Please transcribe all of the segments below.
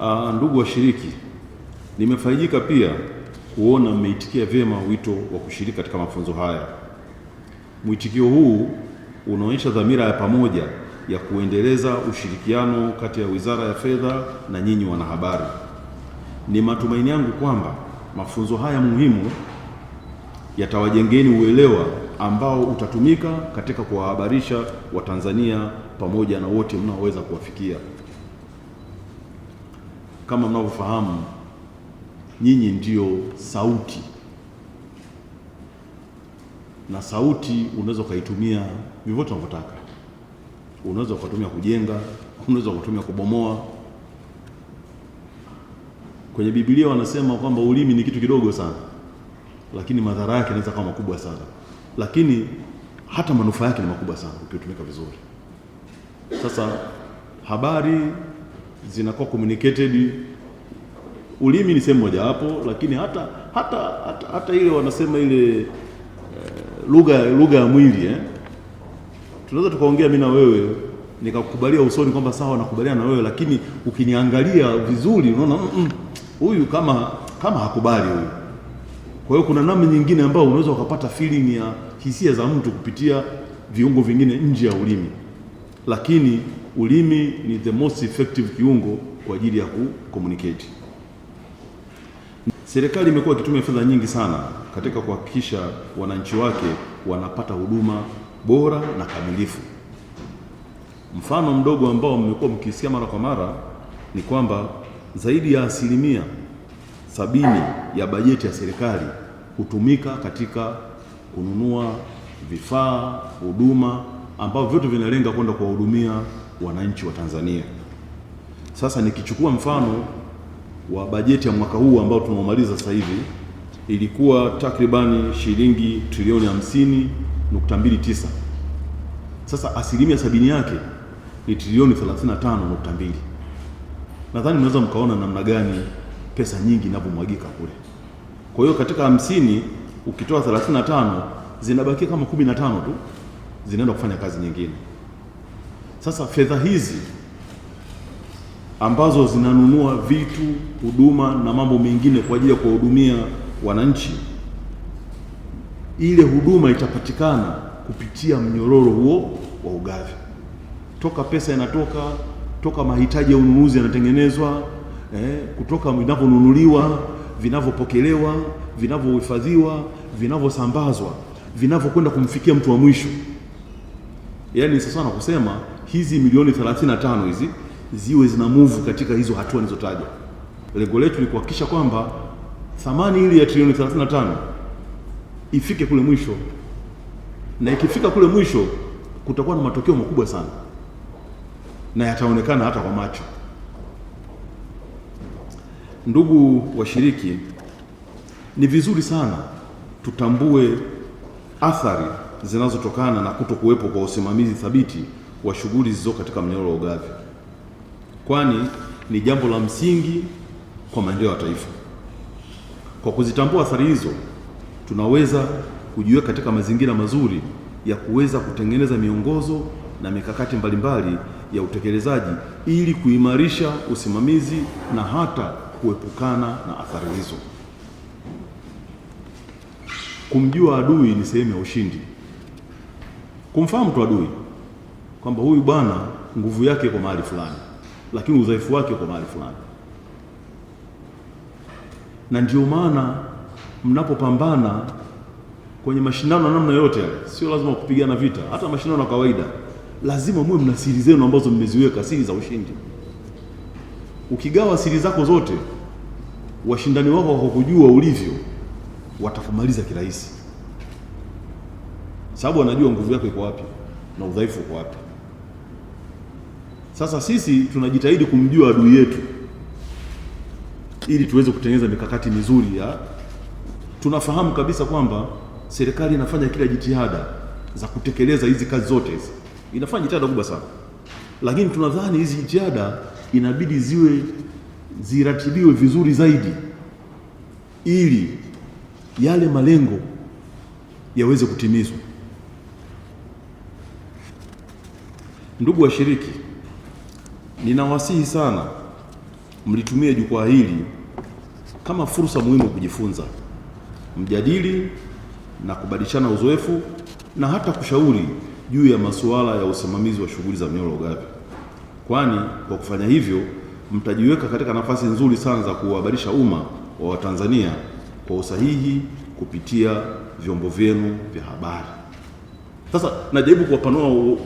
Uh, ndugu washiriki, nimefarijika pia kuona mmeitikia vyema wito wa kushiriki katika mafunzo haya. Mwitikio huu unaonyesha dhamira ya pamoja ya kuendeleza ushirikiano kati ya Wizara ya Fedha na nyinyi wanahabari. Ni matumaini yangu kwamba mafunzo haya muhimu yatawajengeni uelewa ambao utatumika katika kuwahabarisha Watanzania pamoja na wote mnaoweza kuwafikia kama mnavyofahamu nyinyi ndiyo sauti, na sauti unaweza ukaitumia vyovyote unavyotaka. Unaweza ukatumia kujenga, unaweza ukatumia kubomoa. Kwenye Biblia wanasema kwamba ulimi ni kitu kidogo sana, lakini madhara yake yanaweza kuwa makubwa sana, lakini hata manufaa yake ni makubwa sana ukitumika vizuri. Sasa habari zinakuwa communicated. Ulimi ni sehemu mojawapo, lakini hata hata hata, hata ile wanasema ile eh, lugha lugha ya mwili eh. Tunaweza tukaongea mimi na wewe nikakubalia usoni kwamba sawa, nakubaliana na wewe, lakini ukiniangalia vizuri unaona mm, mm, huyu mm, kama kama hakubali huyu. Kwa hiyo kuna namna nyingine ambayo unaweza ukapata feeling ya hisia za mtu kupitia viungo vingine nje ya ulimi, lakini ulimi ni the most effective kiungo kwa ajili ya kucommunicate. Serikali imekuwa ikitumia fedha nyingi sana katika kuhakikisha wananchi wake wanapata huduma bora na kamilifu. Mfano mdogo ambao mmekuwa mkisikia mara kwa mara ni kwamba zaidi ya asilimia sabini ya bajeti ya serikali hutumika katika kununua vifaa, huduma ambavyo vyote vinalenga kwenda kuwahudumia wananchi wa Tanzania. Sasa nikichukua mfano wa bajeti ya mwaka huu ambao tunaomaliza sasa hivi ilikuwa takribani shilingi trilioni tisa. Sasa asilimia sabini yake ni trilioni mbili. Nadhani mnaweza mkaona namna gani pesa nyingi inavyomwagika kule. Kwa hiyo katika hamsini ukitoa 35 zinabakia kama 15 tu zinaenda kufanya kazi nyingine. Sasa fedha hizi ambazo zinanunua vitu, huduma na mambo mengine kwa ajili ya kuwahudumia wananchi, ile huduma itapatikana kupitia mnyororo huo wa ugavi, toka pesa inatoka, toka mahitaji ya ununuzi yanatengenezwa, eh, kutoka vinavyonunuliwa, vinavyopokelewa, vinavyohifadhiwa, vinavyosambazwa, vinavyokwenda kumfikia mtu wa mwisho. Yaani sasa na kusema hizi milioni 35 hizi ziwe zina move katika hizo hatua nilizotaja. Lengo letu ni kuhakikisha kwamba thamani ile ya trilioni 35 ifike kule mwisho, na ikifika kule mwisho kutakuwa na matokeo makubwa sana na yataonekana hata kwa macho. Ndugu washiriki, ni vizuri sana tutambue athari zinazotokana na kuto kuwepo kwa usimamizi thabiti wa shughuli zilizo katika mnyororo wa ugavi, kwani ni jambo la msingi kwa maendeleo ya taifa. Kwa kuzitambua athari hizo, tunaweza kujiweka katika mazingira mazuri ya kuweza kutengeneza miongozo na mikakati mbalimbali ya utekelezaji ili kuimarisha usimamizi na hata kuepukana na athari hizo. Kumjua adui ni sehemu ya ushindi. Kumfahamu tu adui kwamba huyu bwana nguvu yake iko mahali fulani, lakini udhaifu wake uko mahali fulani. Na ndio maana mnapopambana kwenye mashindano ya namna yote yale, sio lazima kupigana vita, hata mashindano ya kawaida, lazima muwe mna siri zenu ambazo mmeziweka, siri za ushindi. Ukigawa siri zako zote, washindani wako wakakujua ulivyo, watakumaliza kirahisi, sababu wanajua nguvu yako iko wapi na udhaifu uko wapi. Sasa sisi tunajitahidi kumjua adui yetu ili tuweze kutengeneza mikakati mizuri ya tunafahamu kabisa kwamba serikali inafanya kila jitihada za kutekeleza hizi kazi zote hizi, inafanya jitihada kubwa sana, lakini tunadhani hizi jitihada inabidi ziwe ziratibiwe vizuri zaidi ili yale malengo yaweze kutimizwa. Ndugu washiriki, ninawasihi sana mlitumie jukwaa hili kama fursa muhimu kujifunza, mjadili na kubadilishana uzoefu na hata kushauri juu ya masuala ya usimamizi wa shughuli za mnyororo ugavi, kwani kwa kufanya hivyo mtajiweka katika nafasi nzuri sana za kuhabarisha umma wa Watanzania kwa usahihi kupitia vyombo vyenu vya habari. Sasa najaribu kuwapanua uh,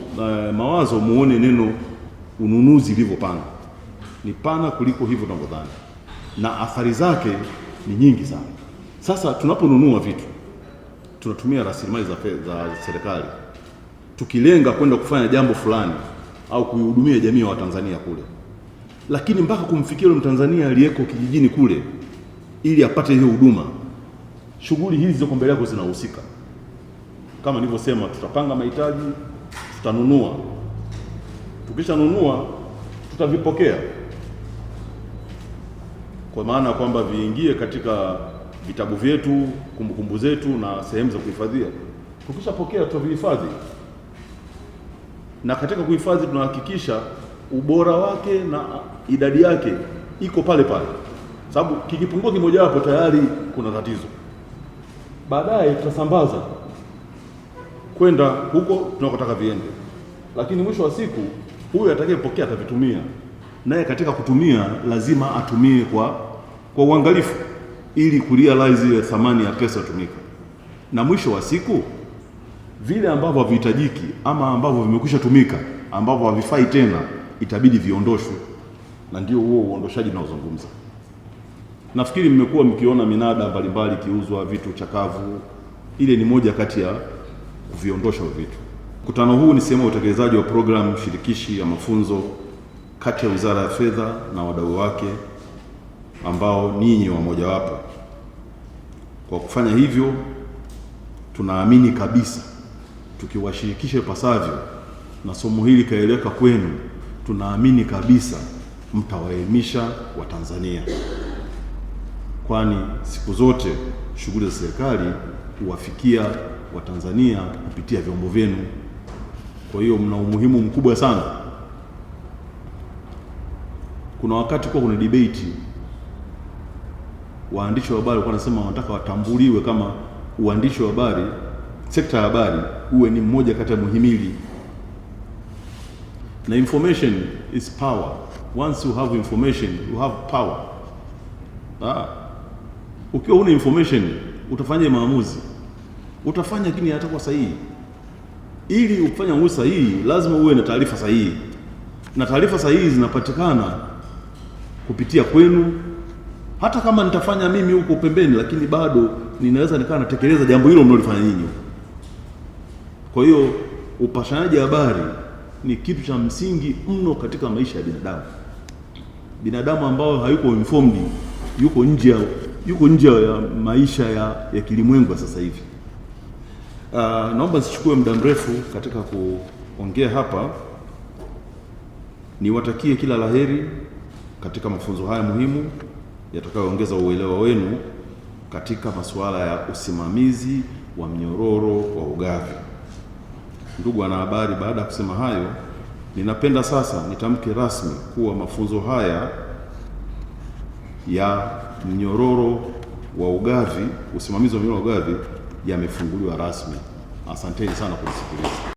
mawazo muone neno ununuzi pana, ni pana kuliko hivyo tunavyodhani, na athari zake ni nyingi sana. Sasa tunaponunua vitu tunatumia rasilimali za, za serikali tukilenga kwenda kufanya jambo fulani au kuihudumia jamii ya Watanzania kule, lakini mpaka kumfikia yule Mtanzania aliyeko kijijini kule ili apate hiyo huduma, shughuli hizi zilizoko mbele yako zinahusika. Kama nilivyosema, tutapanga mahitaji, tutanunua Tukishanunua tutavipokea kwa maana ya kwamba viingie katika vitabu vyetu, kumbukumbu zetu na sehemu za kuhifadhia. Tukishapokea tutavihifadhi, na katika kuhifadhi tunahakikisha ubora wake na idadi yake iko pale pale, sababu kikipungua kimoja kimojawapo tayari kuna tatizo. Baadaye tutasambaza kwenda huko tunakotaka viende, lakini mwisho wa siku huyu atakayepokea atavitumia, naye katika kutumia lazima atumie kwa kwa uangalifu ili kurealize ile thamani ya pesa tumika, na mwisho wa siku vile ambavyo havihitajiki ama ambavyo vimekwisha tumika ambavyo havifai tena itabidi viondoshwe, na ndio huo uondoshaji naozungumza Nafikiri mmekuwa mkiona minada mbalimbali ikiuzwa vitu chakavu, ile ni moja kati ya kuviondosha vitu. Mkutano huu ni sehemu ya utekelezaji wa programu shirikishi ya mafunzo kati ya Wizara ya Fedha na wadau wake ambao ninyi wamojawapo. Kwa kufanya hivyo, tunaamini kabisa tukiwashirikisha ipasavyo na somo hili ikaeleweka kwenu, tunaamini kabisa mtawaelimisha Watanzania, kwani siku zote shughuli za serikali huwafikia Watanzania kupitia vyombo vyenu. Kwa hiyo mna umuhimu mkubwa sana. Kuna wakati kuwa kuna debate, waandishi wa habari walikuwa wanasema wanataka watambuliwe kama uandishi wa habari, sekta ya habari uwe ni mmoja kati ya muhimili, na information is power. Once you have information you have power. Ah, ukiwa huna information utafanya maamuzi utafanya, lakini yatakuwa sahihi ili ufanya uwe sahihi lazima uwe na taarifa sahihi, na taarifa sahihi zinapatikana kupitia kwenu. Hata kama nitafanya mimi huko pembeni, lakini bado ninaweza nikawa natekeleza jambo hilo mlilofanya nyinyi. Kwa hiyo upashanaji habari ni kitu cha msingi mno katika maisha ya binadamu. Binadamu ambao hayuko informed yuko nje, yuko nje ya maisha ya, ya kilimwengu sasa hivi. Uh, naomba nisichukue muda mrefu katika kuongea hapa, niwatakie kila laheri katika mafunzo haya muhimu yatakayoongeza uelewa wenu katika masuala ya usimamizi wa mnyororo wa ugavi. Ndugu wanahabari, baada ya kusema hayo, ninapenda sasa nitamke rasmi kuwa mafunzo haya ya mnyororo wa ugavi, usimamizi wa mnyororo wa ugavi yamefunguliwa rasmi. Asanteni sana kunisikiliza.